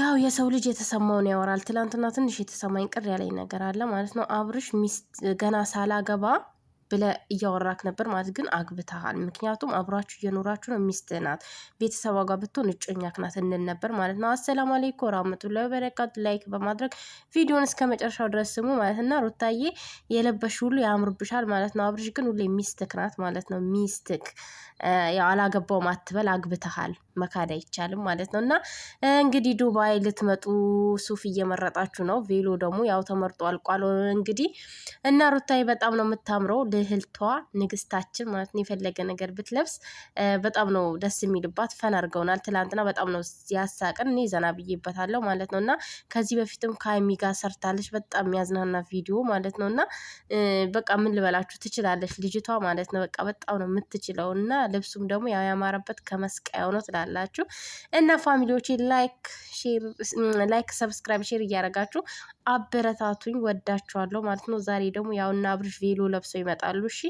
ያው የሰው ልጅ የተሰማውን ያወራል። ትላንትና ትንሽ የተሰማኝ ቅር ያለኝ ነገር አለ ማለት ነው። አብርሽ ሚስት ገና ሳላገባ ብለ እያወራክ ነበር ማለት ግን አግብተሃል። ምክንያቱም አብራችሁ እየኖራችሁ ነው። ሚስት ናት። ቤተሰብ ጋር ብትሆን እጮኛክ ናት እንል ነበር ማለት ነው። አሰላሙ አለይኩም ወራህመቱላሂ ወበረካቱ። ላይክ በማድረግ ቪዲዮን እስከ መጨረሻው ድረስ ስሙ ማለት እና ሩታዬ የለበሽ ሁሉ ያምርብሻል ማለት ነው። አብርሽ ግን ሁሌ ሚስትክ ናት ማለት ነው። ሚስትክ ያው አላገባውም አትበል፣ አግብተሃል መካድ አይቻልም ማለት ነው። እና እንግዲህ ዱባይ ልትመጡ ሱፍ እየመረጣችሁ ነው። ቬሎ ደግሞ ያው ተመርጦ አልቋል እንግዲህ እና ሩታዬ በጣም ነው የምታምረው። ልህልቷ ንግስታችን ማለት ነው። የፈለገ ነገር ብትለብስ በጣም ነው ደስ የሚልባት። ፈን አድርገውናል። ትላንትና በጣም ነው ያሳቅን። እኔ ዘና ብዬበታለሁ ማለት ነው እና ከዚህ በፊትም ከሀይሚ ጋር ሰርታለች። በጣም የሚያዝናና ቪዲዮ ማለት ነው እና በቃ ምን ልበላችሁ ትችላለች ልጅቷ ማለት ነው። በቃ በጣም ነው የምትችለው እና ልብሱም ደግሞ ያው ያማረበት ከመስቀያው ነው ትላለች ትችላላችሁ። እና ፋሚሊዎች ላይክ፣ ሰብስክራይብ፣ ሼር እያደረጋችሁ አበረታቱኝ። ወዳችኋለሁ ማለት ነው። ዛሬ ደግሞ ያውና አብርሽ ቬሎ ለብሰው ይመጣሉ። እሺ